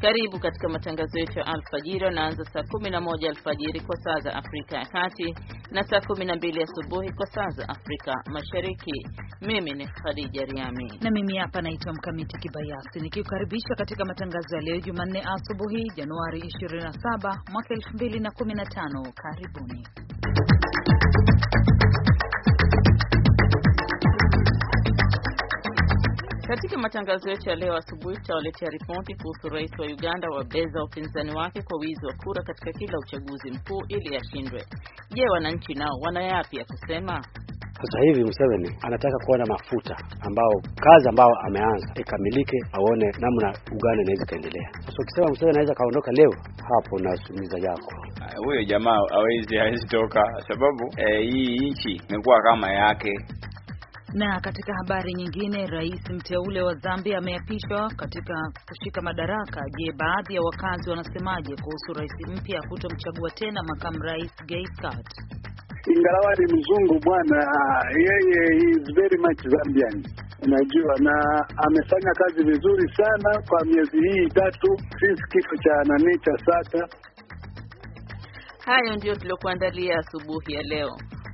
Karibu katika matangazo yetu ya alfajiri yanaanza saa 11 alfajiri kwa saa za Afrika ya Kati na saa 12 asubuhi kwa saa za Afrika Mashariki. Mimi ni Khadija Riami na mimi hapa naitwa Mkamiti Kibayasi nikiukaribisha katika matangazo ya leo Jumanne asubuhi Januari 27 mwaka 2015. Karibuni. Katika matangazo yetu ya leo asubuhi tutawaletea ripoti kuhusu rais wa Uganda wabeza upinzani wake kwa wizi wa kura katika kila uchaguzi mkuu ili yashindwe. Je, wananchi nao wana yapi ya kusema? Sasa hivi Museveni anataka kuona mafuta ambao kazi ambao ameanza ikamilike, aone namna Uganda inaweza ikaendelea. Sasa ukisema Museveni anaweza kaondoka leo, hapo nasumiza yako huyo jamaa hawezi hawezi toka, sababu e, hii nchi imekuwa kama yake. Na katika habari nyingine, rais mteule wa Zambia ameapishwa katika kushika madaraka. Je, baadhi ya wakazi wanasemaje kuhusu rais mpya kutomchagua tena makamu rais Guy ingalawa Ingawa ni mzungu bwana, ah, yeye is very much Zambian Unajua, na amefanya kazi vizuri sana kwa miezi hii tatu since kifo cha nani cha Sata. Hayo ndio tuliokuandalia asubuhi ya leo.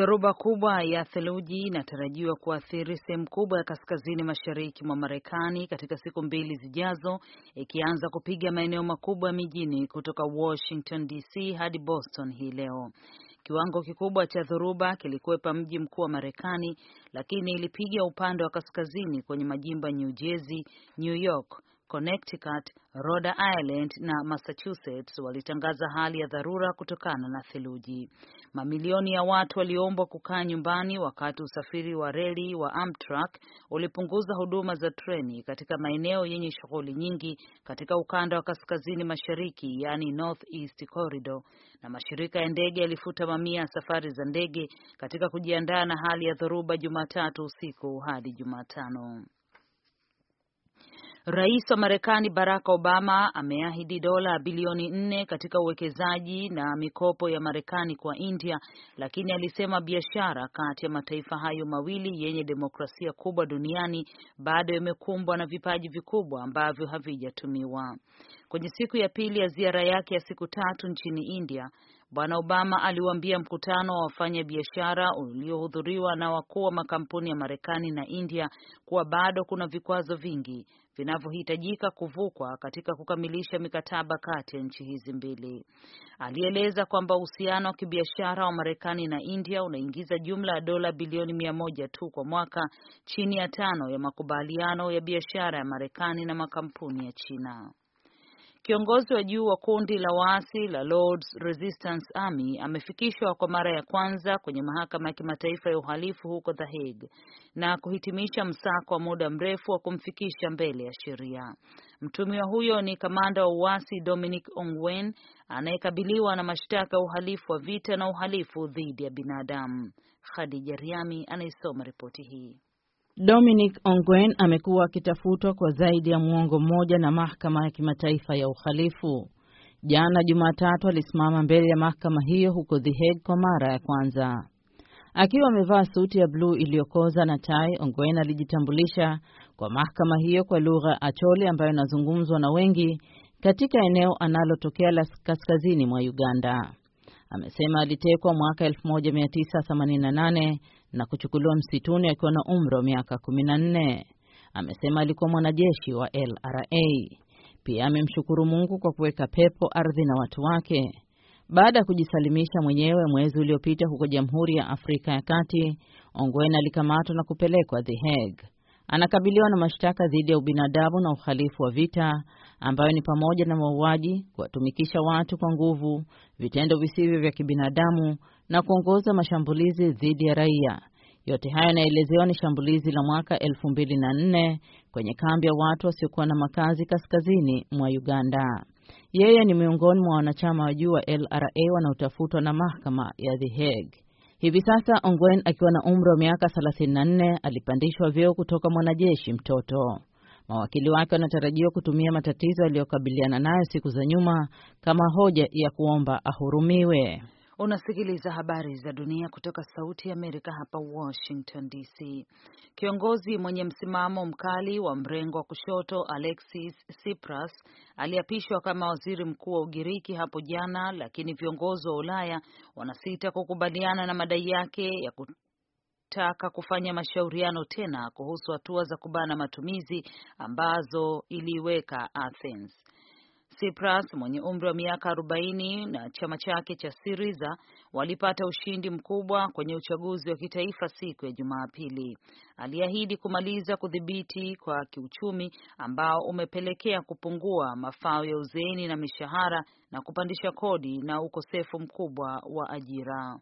Dhoruba kubwa ya theluji inatarajiwa kuathiri sehemu kubwa ya kaskazini mashariki mwa Marekani katika siku mbili zijazo, ikianza kupiga maeneo makubwa mijini kutoka Washington DC hadi Boston hii leo. Kiwango kikubwa cha dhoruba kilikwepa mji mkuu wa Marekani, lakini ilipiga upande wa kaskazini kwenye majimbo ya New Jersey, New York, Connecticut, Rhode Island na Massachusetts walitangaza hali ya dharura kutokana na theluji. Mamilioni ya watu waliombwa kukaa nyumbani wakati usafiri wa reli wa Amtrak ulipunguza huduma za treni katika maeneo yenye shughuli nyingi katika ukanda wa kaskazini mashariki, yaani Northeast Corridor, na mashirika ya ndege yalifuta mamia ya safari za ndege katika kujiandaa na hali ya dhoruba Jumatatu usiku hadi Jumatano. Rais wa Marekani Barack Obama ameahidi dola bilioni nne katika uwekezaji na mikopo ya Marekani kwa India, lakini alisema biashara kati ya mataifa hayo mawili yenye demokrasia kubwa duniani bado yamekumbwa na vipaji vikubwa ambavyo havijatumiwa. Kwenye siku ya pili ya ziara yake ya siku tatu nchini India, Bwana Obama aliwaambia mkutano wa wafanya biashara uliohudhuriwa na wakuu wa makampuni ya Marekani na India kuwa bado kuna vikwazo vingi vinavyohitajika kuvukwa katika kukamilisha mikataba kati ya nchi hizi mbili. Alieleza kwamba uhusiano wa kibiashara wa Marekani na India unaingiza jumla ya dola bilioni mia moja tu kwa mwaka, chini ya tano ya makubaliano ya biashara ya Marekani na makampuni ya China. Kiongozi wa juu wa kundi la waasi la Lords Resistance Army amefikishwa kwa mara ya kwanza kwenye mahakama ya kimataifa ya uhalifu huko The Hague na kuhitimisha msako wa muda mrefu wa kumfikisha mbele ya sheria. Mtumiwa huyo ni kamanda wa uasi Dominic Ongwen anayekabiliwa na mashtaka ya uhalifu wa vita na uhalifu dhidi ya binadamu. Khadija Riami anaisoma ripoti hii. Dominic Ongwen amekuwa akitafutwa kwa zaidi ya mwongo mmoja na mahakama ya kimataifa ya uhalifu. Jana Jumatatu alisimama mbele ya mahakama hiyo huko The Hague kwa mara ya kwanza akiwa amevaa suti ya bluu iliyokoza na tai. Ongwen alijitambulisha kwa mahakama hiyo kwa lugha achole Acholi ambayo inazungumzwa na wengi katika eneo analotokea la kaskazini mwa Uganda. Amesema alitekwa mwaka 1988 na kuchukuliwa msituni akiwa na umri wa miaka 14. Amesema alikuwa mwanajeshi wa LRA. Pia amemshukuru Mungu kwa kuweka pepo ardhi na watu wake. Baada ya kujisalimisha mwenyewe mwezi uliopita huko Jamhuri ya Afrika ya Kati, Ongwen alikamatwa na kupelekwa The Hague. Anakabiliwa na mashtaka dhidi ya ubinadamu na uhalifu wa vita ambayo ni pamoja na mauaji, kuwatumikisha watu kwa nguvu, vitendo visivyo vya kibinadamu na kuongoza mashambulizi dhidi ya raia. Yote hayo yanaelezewa ni shambulizi la mwaka 2004 kwenye kambi ya watu wasiokuwa na makazi kaskazini mwa Uganda. Yeye ni miongoni mwa wanachama wa juu wa LRA wanaotafutwa na mahakama ya The Hague. Hivi sasa Ongwen akiwa na umri wa miaka 34 alipandishwa vyeo kutoka mwanajeshi mtoto. Mawakili wake wanatarajiwa kutumia matatizo aliyokabiliana nayo siku za nyuma kama hoja ya kuomba ahurumiwe. Unasikiliza habari za dunia kutoka Sauti ya Amerika hapa Washington DC. Kiongozi mwenye msimamo mkali wa mrengo wa kushoto Alexis Tsipras aliapishwa kama waziri mkuu wa Ugiriki hapo jana, lakini viongozi wa Ulaya wanasita kukubaliana na madai yake ya ku taka kufanya mashauriano tena kuhusu hatua za kubana matumizi ambazo iliweka Athens. Tsipras mwenye umri wa miaka 40 na chama chake cha Siriza walipata ushindi mkubwa kwenye uchaguzi wa kitaifa siku ya Jumapili. Aliahidi kumaliza kudhibiti kwa kiuchumi ambao umepelekea kupungua mafao ya uzeeni na mishahara na kupandisha kodi na ukosefu mkubwa wa ajira.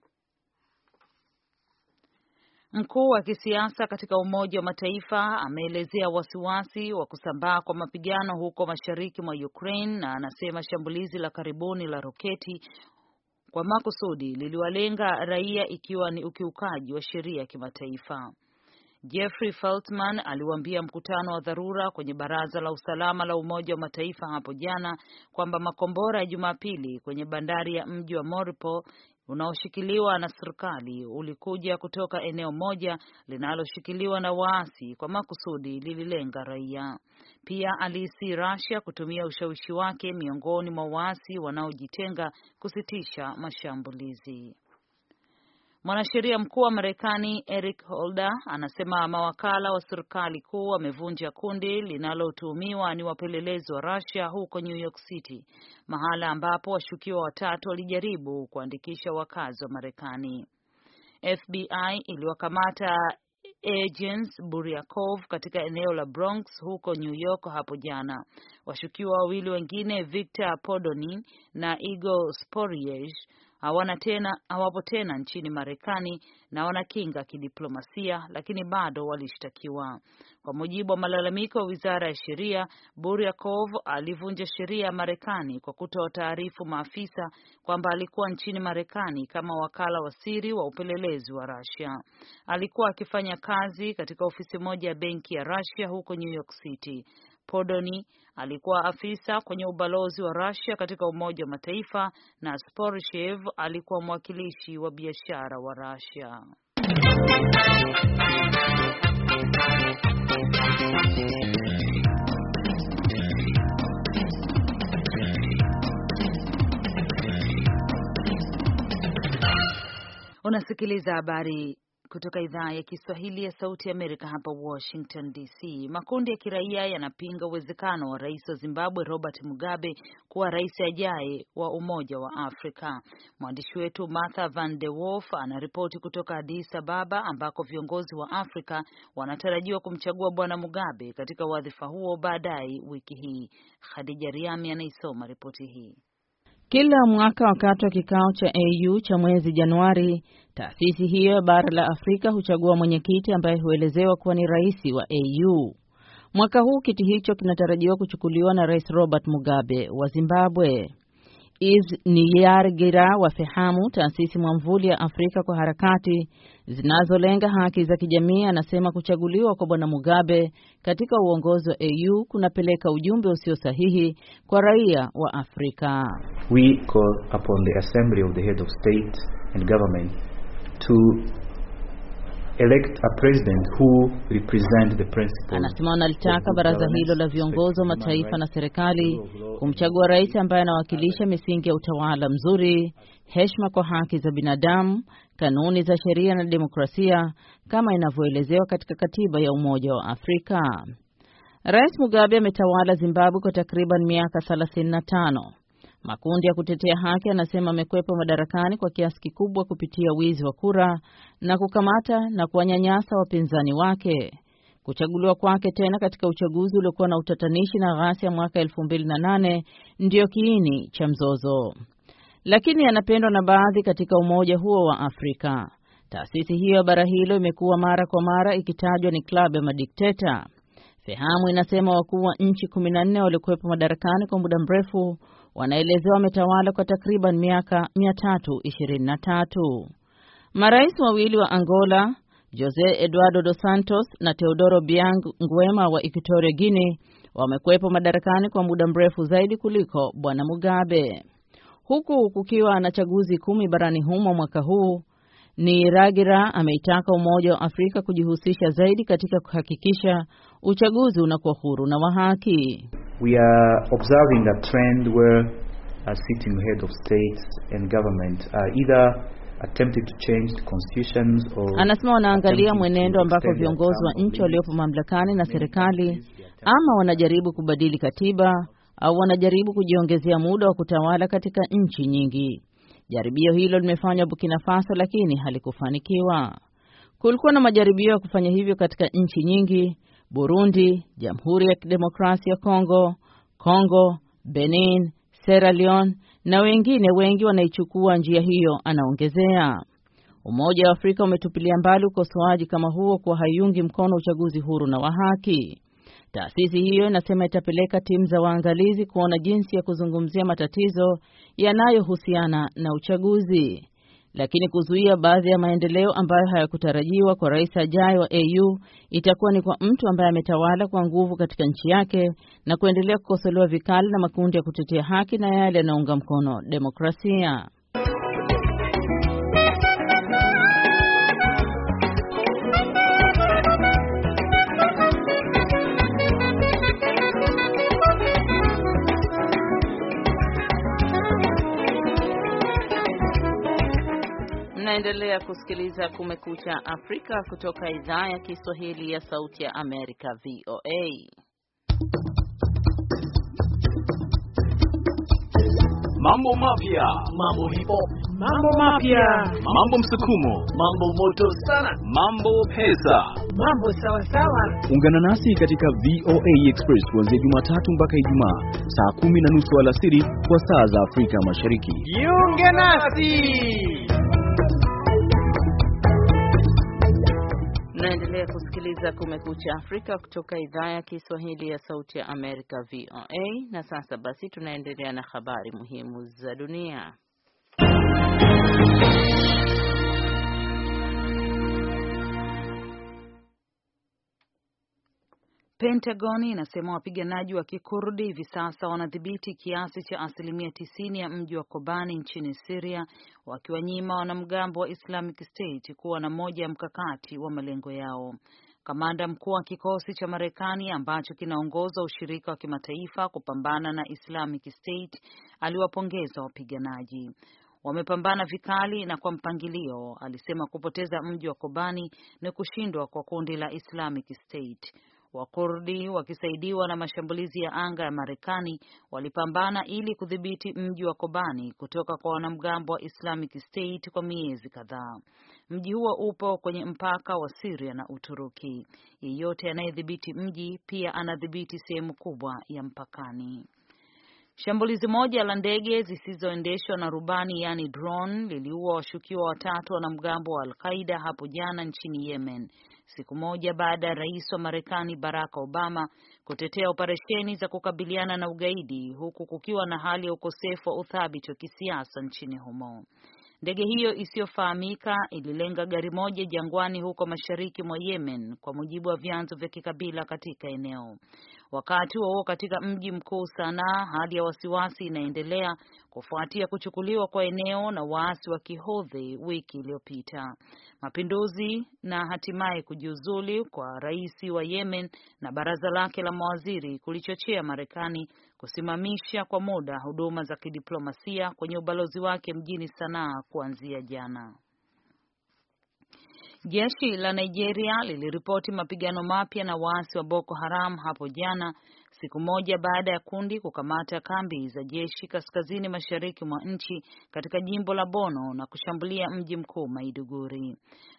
Mkuu wa kisiasa katika Umoja wa Mataifa ameelezea wasiwasi wa kusambaa kwa mapigano huko mashariki mwa Ukraine na anasema shambulizi la karibuni la roketi kwa makusudi liliwalenga raia ikiwa ni ukiukaji wa sheria ya kimataifa. Jeffrey Feltman aliwaambia mkutano wa dharura kwenye Baraza la Usalama la Umoja wa Mataifa hapo jana kwamba makombora ya Jumapili kwenye bandari ya mji wa Mariupol unaoshikiliwa na serikali ulikuja kutoka eneo moja linaloshikiliwa na waasi kwa makusudi lililenga raia. Pia aliisi Russia kutumia ushawishi wake miongoni mwa waasi wanaojitenga kusitisha mashambulizi. Mwanasheria mkuu wa Marekani Eric Holder anasema mawakala wa serikali kuu wamevunja kundi linalotuhumiwa ni wapelelezi wa Russia huko New York City, mahala ambapo washukiwa watatu walijaribu kuandikisha wakazi wa Marekani. FBI iliwakamata Agents Buryakov katika eneo la Bronx huko New York hapo jana. Washukiwa wawili wengine Victor Podonin na Igor Sporiej hawana tena hawapo tena nchini Marekani na wana kinga kidiplomasia, lakini bado walishtakiwa. Kwa mujibu wa malalamiko wa wizara ya sheria, Buryakov alivunja sheria ya Marekani kwa kutoa taarifu maafisa kwamba alikuwa nchini Marekani kama wakala wa siri wa upelelezi wa Russia. Alikuwa akifanya kazi katika ofisi moja ya benki ya Russia huko New York City. Podoni alikuwa afisa kwenye ubalozi wa Russia katika Umoja wa Mataifa na sporshev alikuwa mwakilishi wa biashara wa Russia. Unasikiliza habari kutoka idhaa ya Kiswahili ya Sauti ya Amerika hapa Washington DC. Makundi ya kiraia yanapinga uwezekano wa rais wa Zimbabwe Robert Mugabe kuwa rais ajaye wa Umoja wa Afrika. Mwandishi wetu Martha Van de Wolf anaripoti kutoka Addis Ababa ambako viongozi wa Afrika wanatarajiwa kumchagua Bwana Mugabe katika wadhifa huo baadaye wiki hii. Khadija Riami anaisoma ripoti hii. Kila mwaka wakati wa kikao cha AU cha mwezi Januari, taasisi hiyo ya bara la Afrika huchagua mwenyekiti ambaye huelezewa kuwa ni rais wa AU. Mwaka huu kiti hicho kinatarajiwa kuchukuliwa na Rais Robert Mugabe wa Zimbabwe. Niyar Gira wafahamu taasisi mwamvuli ya Afrika kwa harakati zinazolenga haki za kijamii, anasema kuchaguliwa kwa Bwana Mugabe katika uongozi wa AU kunapeleka ujumbe usio sahihi kwa raia wa Afrika. We call upon the assembly of the head of state and government to elect a president who represent the principles. Anasema wanalitaka baraza hilo la viongozi wa mataifa na serikali kumchagua rais ambaye anawakilisha misingi ya utawala mzuri, heshima kwa haki za binadamu, kanuni za sheria na demokrasia kama inavyoelezewa katika katiba ya Umoja wa Afrika. Rais Mugabe ametawala Zimbabwe kwa takriban miaka 35 Makundi ya kutetea haki yanasema amekwepa madarakani kwa kiasi kikubwa kupitia wizi wa kura na kukamata na kuwanyanyasa wapinzani wake. Kuchaguliwa kwake tena katika uchaguzi uliokuwa na utatanishi na ghasia mwaka 2008 ndiyo kiini cha mzozo, lakini anapendwa na baadhi katika umoja huo wa Afrika. Taasisi hiyo ya bara hilo imekuwa mara kwa mara ikitajwa ni klabu ya madikteta. Fehamu inasema wakuu wa nchi 14 waliokuwepo madarakani kwa muda mrefu wanaelezewa wametawala kwa takriban miaka 323. Marais wawili wa Angola, Jose Eduardo dos Santos na Teodoro Biang Nguema wa Equatorial Guinea, wamekuwepo madarakani kwa muda mrefu zaidi kuliko Bwana Mugabe. Huku kukiwa na chaguzi kumi barani humo mwaka huu, ni ragira ameitaka Umoja wa Afrika kujihusisha zaidi katika kuhakikisha uchaguzi unakuwa huru na wa haki we are observing a trend where a uh, sitting head of state and government are either attempting to change the constitutions or anasema wanaangalia mwenendo ambako viongozi wa nchi waliopo mamlakani na serikali ama wanajaribu kubadili katiba au wanajaribu kujiongezea muda wa kutawala katika nchi nyingi. Jaribio hilo limefanywa Burkina Faso lakini halikufanikiwa. Kulikuwa na majaribio ya kufanya hivyo katika nchi nyingi Burundi, Jamhuri ya Kidemokrasia ya Kongo, Kongo, Benin, Sierra Leone na wengine wengi wanaichukua njia hiyo, anaongezea. Umoja wa Afrika umetupilia mbali ukosoaji kama huo kwa haiungi mkono uchaguzi huru na wa haki. Taasisi hiyo inasema itapeleka timu za waangalizi kuona jinsi ya kuzungumzia matatizo yanayohusiana na uchaguzi lakini kuzuia baadhi ya maendeleo ambayo hayakutarajiwa kwa rais ajaye wa AU itakuwa ni kwa mtu ambaye ametawala kwa nguvu katika nchi yake na kuendelea kukosolewa vikali na makundi ya kutetea haki na yale yanaunga mkono demokrasia. Unaendelea kusikiliza Kumekucha Afrika kutoka idhaa ya Kiswahili ya Sauti ya Amerika, VOA. Mambo mapya, mambo hipo, mambo mapya, mambo msukumo, mambo moto sana, mambo pesa mambo sawasawa. Ungana nasi katika VOA Express kuanzia Jumatatu mpaka Ijumaa saa kumi na nusu alasiri kwa saa za Afrika Mashariki. Jiunge nasi. Mnaendelea kusikiliza Kumekucha Afrika kutoka idhaa ya Kiswahili ya Sauti ya Amerika, VOA. Na sasa basi, tunaendelea na habari muhimu za dunia. Pentagon inasema wapiganaji wa Kikurdi hivi sasa wanadhibiti kiasi cha asilimia tisini ya mji wa Kobani nchini Syria, wakiwanyima wanamgambo wa Islamic State kuwa na moja ya mkakati wa malengo yao. Kamanda mkuu wa kikosi cha Marekani ambacho kinaongoza ushirika wa kimataifa kupambana na Islamic State aliwapongeza wapiganaji wamepambana vikali na kwa mpangilio. Alisema kupoteza mji wa Kobani ni kushindwa kwa kundi la Islamic State. Wakurdi wakisaidiwa na mashambulizi ya anga ya Marekani walipambana ili kudhibiti mji wa Kobani kutoka kwa wanamgambo wa Islamic State kwa miezi kadhaa. Mji huo upo kwenye mpaka wa Syria na Uturuki. Yeyote anayedhibiti mji pia anadhibiti sehemu kubwa ya mpakani. Shambulizi moja la ndege zisizoendeshwa na rubani yaani drone liliua washukiwa watatu wanamgambo wa Al-Qaida hapo jana nchini Yemen siku moja baada ya rais wa Marekani Barack Obama kutetea operesheni za kukabiliana na ugaidi huku kukiwa na hali ya ukosefu wa uthabiti wa kisiasa nchini humo. Ndege hiyo isiyofahamika ililenga gari moja jangwani huko mashariki mwa Yemen, kwa mujibu wa vyanzo vya kikabila katika eneo. Wakati huo katika mji mkuu Sanaa, hali ya wasiwasi inaendelea kufuatia kuchukuliwa kwa eneo na waasi wa Kihodhi wiki iliyopita. Mapinduzi na hatimaye kujiuzuli kwa rais wa Yemen na baraza lake la mawaziri kulichochea Marekani kusimamisha kwa muda huduma za kidiplomasia kwenye ubalozi wake mjini Sanaa kuanzia jana. Jeshi la Nigeria liliripoti mapigano mapya na waasi wa Boko Haram hapo jana, siku moja baada ya kundi kukamata kambi za jeshi kaskazini mashariki mwa nchi katika jimbo la bono na kushambulia mji mkuu Maiduguri.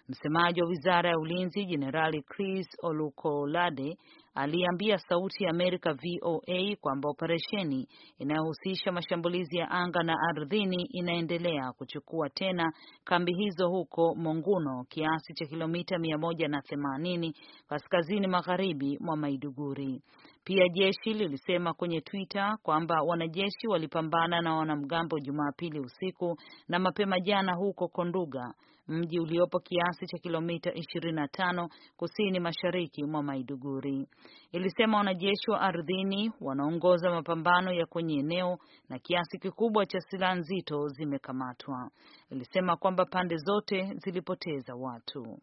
Msemaji wa Wizara ya Ulinzi Jenerali Chris Olukolade aliambia Sauti ya Amerika VOA kwamba operesheni inayohusisha mashambulizi ya anga na ardhini inaendelea kuchukua tena kambi hizo huko Monguno, kiasi cha kilomita 180 kaskazini magharibi mwa Maiduguri. Pia jeshi lilisema kwenye Twitter kwamba wanajeshi walipambana na wanamgambo Jumapili usiku na mapema jana huko Konduga mji uliopo kiasi cha kilomita 25 kusini mashariki mwa Maiduguri. Ilisema wanajeshi wa ardhini wanaongoza mapambano ya kwenye eneo na kiasi kikubwa cha silaha nzito zimekamatwa. Ilisema kwamba pande zote zilipoteza watu.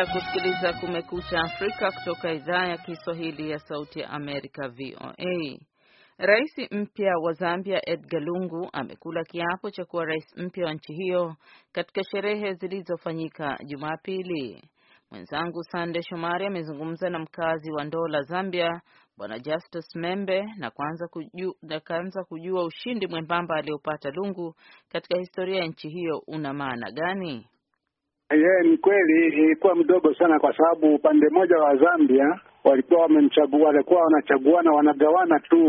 Mnaendelea kusikiliza Kumekucha Afrika kutoka idhaa ya Kiswahili ya Sauti ya Amerika, VOA. Rais mpya wa Zambia Edgar Lungu amekula kiapo cha kuwa rais mpya wa nchi hiyo katika sherehe zilizofanyika Jumapili. Mwenzangu Sande Shomari amezungumza na mkazi wa Ndola, Zambia, Bwana Justus Membe na kuanza kuju, na kaanza kujua ushindi mwembamba aliopata Lungu katika historia ya nchi hiyo una maana gani? Yeah, ni kweli ilikuwa mdogo sana, kwa sababu upande mmoja wa Zambia walikuwa wamemchagua, walikuwa wanachaguana, wanagawana tu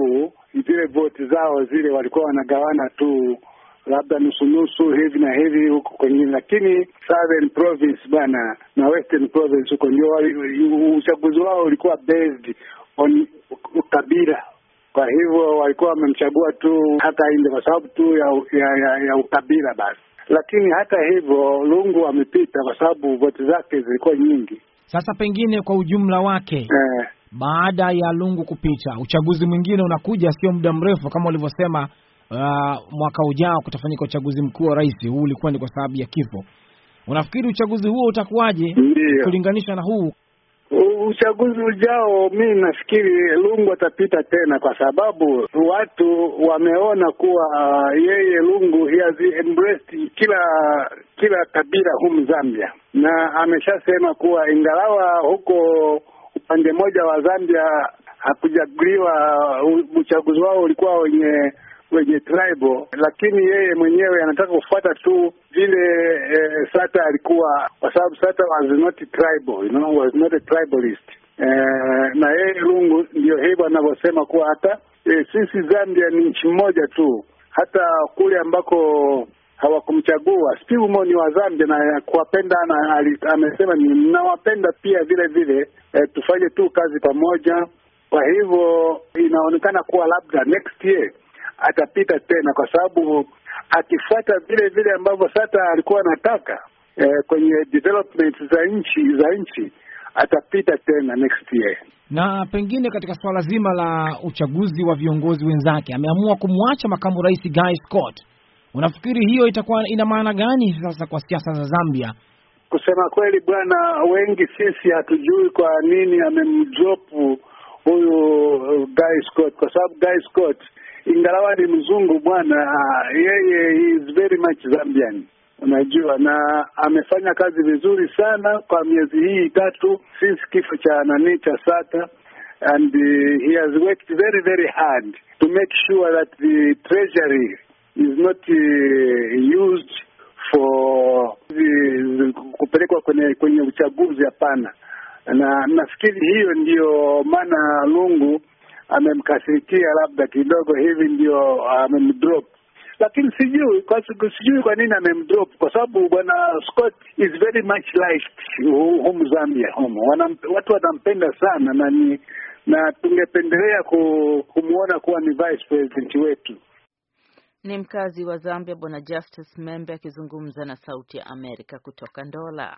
zile voti zao, zile walikuwa wanagawana tu labda nusu nusu hivi na hivi huko kwengine, lakini Southern Province bana na Western Province huko ndio uchaguzi wao ulikuwa based on ukabila. Kwa hivyo walikuwa wamemchagua tu hata inde kwa sababu tu ya, ya, ya, ya ukabila basi lakini hata hivyo Lungu amepita kwa sababu voti zake zilikuwa nyingi. Sasa pengine kwa ujumla wake eh, baada ya Lungu kupita, uchaguzi mwingine unakuja sio muda mrefu kama ulivyosema. Uh, mwaka ujao kutafanyika uchaguzi mkuu wa rais. Huu ulikuwa ni kwa sababu ya kifo. Unafikiri uchaguzi huo utakuwaje kulinganisha na huu? uchaguzi ujao, mi nafikiri Lungu atapita tena, kwa sababu watu wameona kuwa uh, yeye Lungu embrace kila kila kabila humu Zambia, na ameshasema kuwa ingalawa huko upande mmoja wa Zambia hakujaguliwa, uh, uchaguzi wao ulikuwa wenye wenye tribal, lakini yeye mwenyewe anataka kufuata tu vile eh, Sata alikuwa kwa sababu Sata was not tribal, you know, was not a tribalist Uh, na yeye Lungu ndio hivyo anavyosema kuwa hata eh, sisi Zambia ni nchi moja tu, hata kule ambako hawakumchagua Steve Mo ni wa Zambia na kuwapenda, na amesema ninawapenda pia vile vile, eh, tufanye tu kazi pamoja. Kwa hivyo inaonekana kuwa labda next year atapita tena, kwa sababu akifuata vile vile ambavyo SATA alikuwa anataka eh, kwenye development za nchi za nchi atapita tena next year. Na pengine katika suala zima la uchaguzi wa viongozi wenzake ameamua kumwacha makamu rais Guy Scott. Unafikiri hiyo itakuwa ina maana gani sasa kwa siasa za Zambia? Kusema kweli, bwana, wengi sisi hatujui kwa nini amemdrop huyu eh, Guy Scott, kwa sababu Guy Scott ingalawa ni mzungu bwana, yeye is very much Zambian unajua na amefanya kazi vizuri sana kwa miezi hii tatu since kifo cha nani cha Sata and uh, he has worked very very hard to make sure that the treasury is not uh, used for kupelekwa kwenye kwenye uchaguzi. Hapana, na nafikiri hiyo ndiyo maana Lungu amemkasirikia labda kidogo hivi, ndio amemdrop lakini sijui kwa sijui kwa nini amemdrop, kwa sababu bwana Scott is very much liked humu Zambia humu, watu wanampenda sana na ni na tungependelea kumwona kuwa ni vice president wetu. Ni mkazi wa Zambia bwana Justice Membe akizungumza na Sauti ya Amerika kutoka Ndola.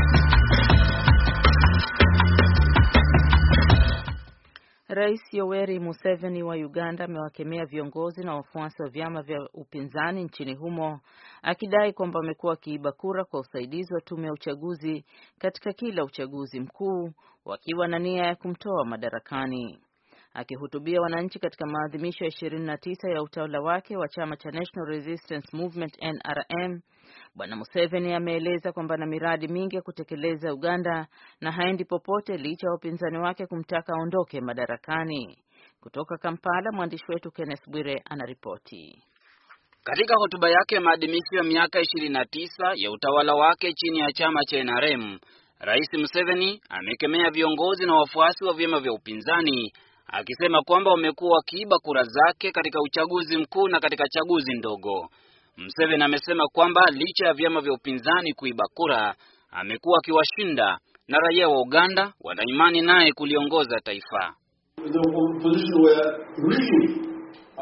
Rais Yoweri Museveni wa Uganda amewakemea viongozi na wafuasi wa vyama vya upinzani nchini humo akidai kwamba wamekuwa wakiiba kura kwa usaidizi wa tume ya uchaguzi katika kila uchaguzi mkuu wakiwa na nia ya kumtoa madarakani. Akihutubia wananchi katika maadhimisho ya 29 ya utawala wake wa chama cha National Resistance Movement NRM Bwana Museveni ameeleza kwamba na miradi mingi ya kutekeleza Uganda na haendi popote licha ya upinzani wake kumtaka aondoke madarakani. Kutoka Kampala, mwandishi wetu Kenneth Bwire anaripoti. Katika hotuba yake ya maadhimisho ya miaka 29 ya utawala wake chini ya chama cha NRM, Rais Museveni amekemea viongozi na wafuasi wa vyama vya upinzani akisema kwamba wamekuwa wakiiba kura zake katika uchaguzi mkuu na katika chaguzi ndogo mseveni amesema kwamba licha ya vyama vya upinzani kuiba kura, amekuwa akiwashinda na raia wa Uganda wanaimani naye kuliongoza taifa.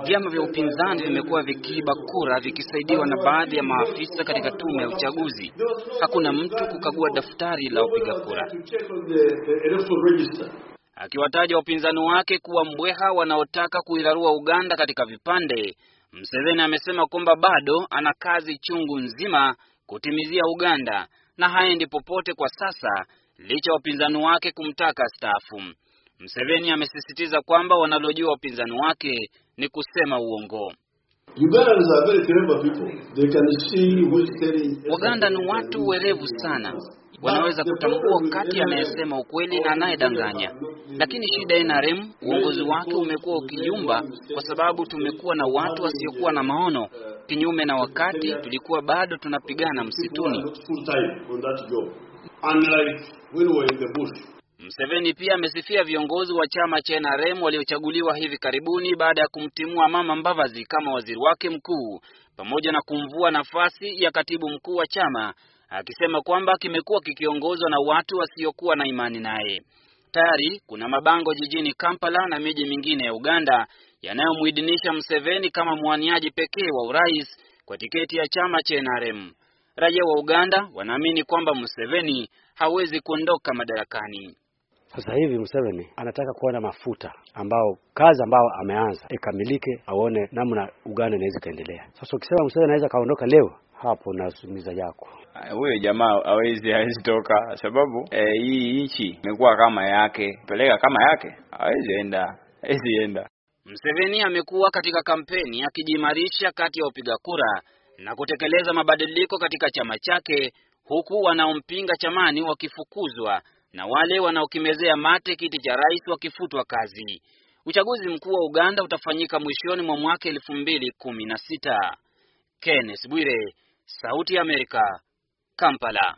Vyama vya upinzani vimekuwa vikiiba kura vikisaidiwa na baadhi ya maafisa katika tume ya uchaguzi. Hakuna mtu kukagua daftari la wapiga kura. Akiwataja wapinzani wake kuwa mbweha wanaotaka kuirarua Uganda katika vipande, mseveni amesema kwamba bado ana kazi chungu nzima kutimizia Uganda na haendi popote kwa sasa licha wapinzani wake kumtaka staafu. mseveni amesisitiza kwamba wanalojua wapinzani wake ni kusema uongo. Waganda ni watu werevu sana, wanaweza kutambua kati anayesema ukweli na anayedanganya. Lakini shida ya NRM, uongozi wake umekuwa ukiyumba kwa sababu tumekuwa na watu wasiokuwa na maono, kinyume na wakati tulikuwa bado tunapigana msituni. Mseveni pia amesifia viongozi wa chama cha NRM waliochaguliwa hivi karibuni baada ya kumtimua Mama Mbavazi kama waziri wake mkuu pamoja na kumvua nafasi ya katibu mkuu wa chama akisema kwamba kimekuwa kikiongozwa na watu wasiokuwa na imani naye. Tayari kuna mabango jijini Kampala na miji mingine ya Uganda yanayomuidinisha Mseveni kama mwaniaji pekee wa urais kwa tiketi ya chama cha NRM. Raia wa Uganda wanaamini kwamba Museveni hawezi kuondoka madarakani. Sasa hivi Museveni anataka kuona mafuta ambao kazi ambao ameanza ikamilike, aone namna Uganda inaweza ikaendelea. Sasa ukisema Museveni anaweza kaondoka leo hapo nasumiza yako huyo jamaa hawezi hawezi toka, sababu e, hii nchi imekuwa kama yake, peleka kama yake, hawezi enda, hawezi enda. Mseveni amekuwa katika kampeni akijiimarisha kati ya wapiga kura na kutekeleza mabadiliko katika chama chake, huku wanaompinga chamani wakifukuzwa na wale wanaokimezea mate kiti cha rais wakifutwa kazi. Uchaguzi mkuu wa Uganda utafanyika mwishoni mwa mwaka elfu mbili kumi na sita. Kenneth Bwire, Sauti ya Amerika, Kampala.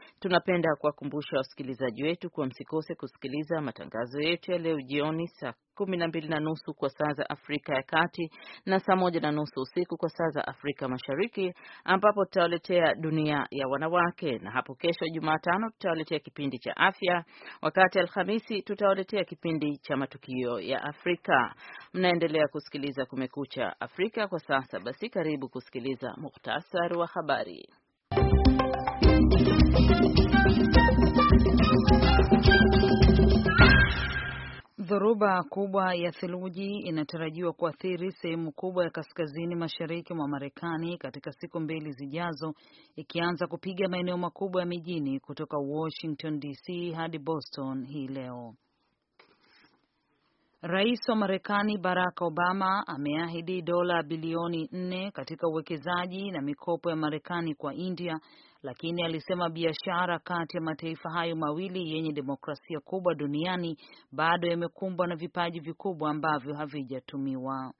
Tunapenda kuwakumbusha wasikilizaji wetu kuwa msikose kusikiliza matangazo yetu ya leo jioni saa kumi na mbili na nusu kwa saa za Afrika ya Kati na saa moja na nusu usiku kwa saa za Afrika Mashariki, ambapo tutawaletea dunia ya wanawake, na hapo kesho Jumatano tutawaletea kipindi cha afya, wakati Alhamisi tutawaletea kipindi cha matukio ya Afrika. Mnaendelea kusikiliza Kumekucha Afrika kwa sasa. Basi karibu kusikiliza muhtasari wa habari. Dhoruba kubwa ya theluji inatarajiwa kuathiri sehemu kubwa ya kaskazini mashariki mwa Marekani katika siku mbili zijazo, ikianza kupiga maeneo makubwa ya mijini kutoka Washington DC hadi Boston hii leo. Rais wa Marekani Barack Obama ameahidi dola bilioni nne katika uwekezaji na mikopo ya Marekani kwa India lakini alisema biashara kati ya mataifa hayo mawili yenye demokrasia kubwa duniani bado yamekumbwa na vipaji vikubwa ambavyo havijatumiwa.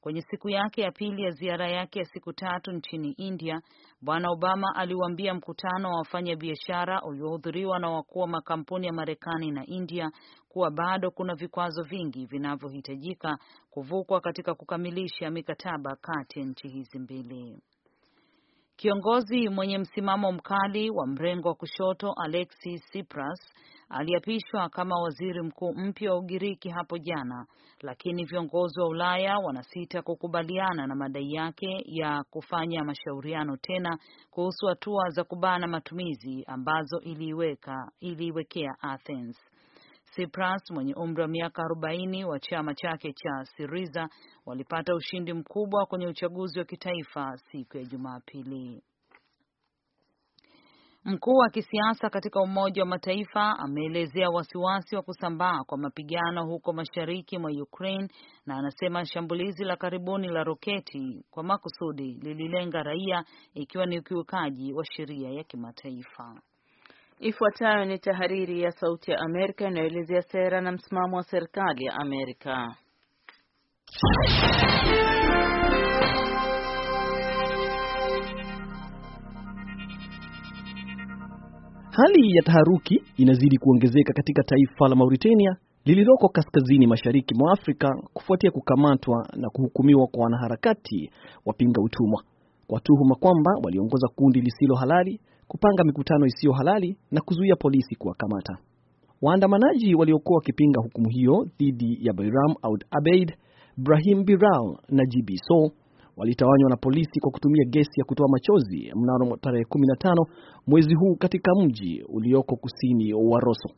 Kwenye siku yake ya pili ya ziara yake ya siku tatu nchini India, Bwana Obama aliwaambia mkutano wa wafanyabiashara uliohudhuriwa na wakuu wa makampuni ya Marekani na India kuwa bado kuna vikwazo vingi vinavyohitajika kuvukwa katika kukamilisha mikataba kati ya nchi hizi mbili. Kiongozi mwenye msimamo mkali wa mrengo wa kushoto Alexis Tsipras aliapishwa kama waziri mkuu mpya wa Ugiriki hapo jana, lakini viongozi wa Ulaya wanasita kukubaliana na madai yake ya kufanya mashauriano tena kuhusu hatua za kubana matumizi ambazo iliiweka iliiwekea Athens. Tsipras mwenye umri wa miaka 40 wa chama chake cha Siriza walipata ushindi mkubwa kwenye uchaguzi wa kitaifa siku ya Jumapili. Mkuu wa kisiasa katika Umoja wa Mataifa ameelezea wasiwasi wa kusambaa kwa mapigano huko mashariki mwa Ukraine na anasema shambulizi la karibuni la roketi kwa makusudi lililenga raia ikiwa ni ukiukaji wa sheria ya kimataifa. Ifuatayo ni tahariri ya Sauti ya Amerika inayoelezea sera na msimamo wa serikali ya Amerika. Hali ya taharuki inazidi kuongezeka katika taifa la Mauritania lililoko kaskazini mashariki mwa Afrika kufuatia kukamatwa na kuhukumiwa kwa wanaharakati wapinga utumwa kwa tuhuma kwamba waliongoza kundi lisilo halali kupanga mikutano isiyo halali na kuzuia polisi kuwakamata. Waandamanaji waliokuwa wakipinga hukumu hiyo dhidi ya Bairam Aud Abeid, Brahim Biral na GB So walitawanywa na polisi kwa kutumia gesi ya kutoa machozi mnamo tarehe 15 mwezi huu katika mji ulioko kusini wa roso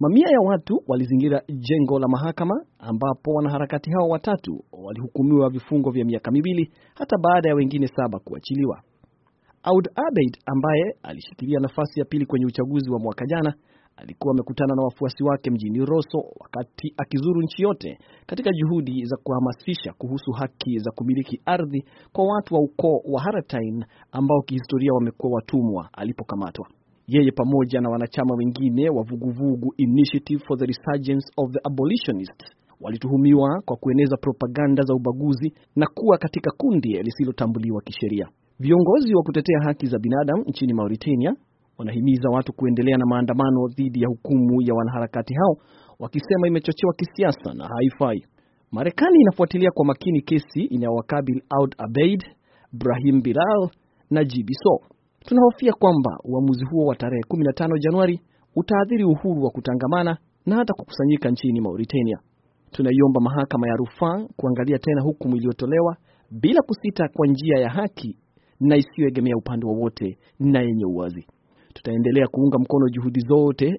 Mamia ya watu walizingira jengo la mahakama ambapo wanaharakati hao watatu walihukumiwa vifungo vya miaka miwili hata baada ya wengine saba kuachiliwa. Aud Abeid ambaye alishikilia nafasi ya pili kwenye uchaguzi wa mwaka jana alikuwa amekutana na wafuasi wake mjini Rosso wakati akizuru nchi yote katika juhudi za kuhamasisha kuhusu haki za kumiliki ardhi kwa watu wa ukoo wa Haratain ambao kihistoria wamekuwa watumwa. Alipokamatwa, yeye pamoja na wanachama wengine wa vuguvugu Initiative for the Resurgence of the Abolitionists walituhumiwa kwa kueneza propaganda za ubaguzi na kuwa katika kundi lisilotambuliwa kisheria. Viongozi wa kutetea haki za binadamu nchini Mauritania wanahimiza watu kuendelea na maandamano dhidi ya hukumu ya wanaharakati hao, wakisema imechochewa kisiasa na haifai. Marekani inafuatilia kwa makini kesi inayowakabili Aud Abeid, Brahim Bilal na Jibiso. Tunahofia kwamba uamuzi huo wa tarehe 15 Januari utaathiri uhuru wa kutangamana na hata kukusanyika nchini Mauritania. Tunaiomba mahakama ya rufaa kuangalia tena hukumu iliyotolewa bila kusita kwa njia ya haki na isiyoegemea upande wowote na yenye uwazi. Tutaendelea kuunga mkono juhudi zote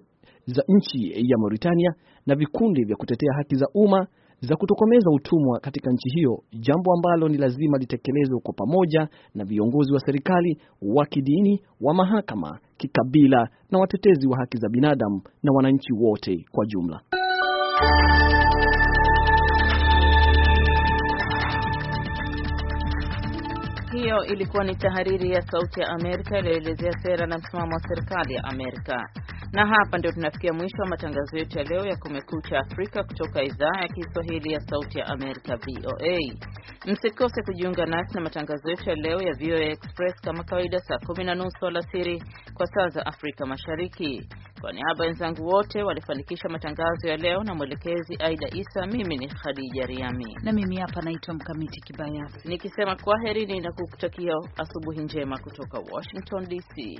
za nchi ya Mauritania na vikundi vya kutetea haki za umma za kutokomeza utumwa katika nchi hiyo, jambo ambalo ni lazima litekelezwe kwa pamoja na viongozi wa serikali, wa kidini, wa mahakama, kikabila na watetezi wa haki za binadamu na wananchi wote kwa jumla. Hiyo ilikuwa ni tahariri ya Sauti ya Amerika iliyoelezea sera na msimamo wa serikali ya Amerika. Na hapa ndio tunafikia mwisho wa matangazo yetu ya leo ya Kumekucha Afrika kutoka idhaa ya Kiswahili ya Sauti ya Amerika, VOA. Msikose kujiunga nasi na matangazo yetu ya leo ya VOA Express kama kawaida, saa kumi na nusu alasiri kwa saa za Afrika Mashariki. Kwa niaba wenzangu wote walifanikisha matangazo ya leo na mwelekezi Aida Isa, mimi ni Khadija Riami na mimi hapa naitwa Mkamiti Kibayasi nikisema kwaherini na kukutakia asubuhi njema kutoka Washington DC.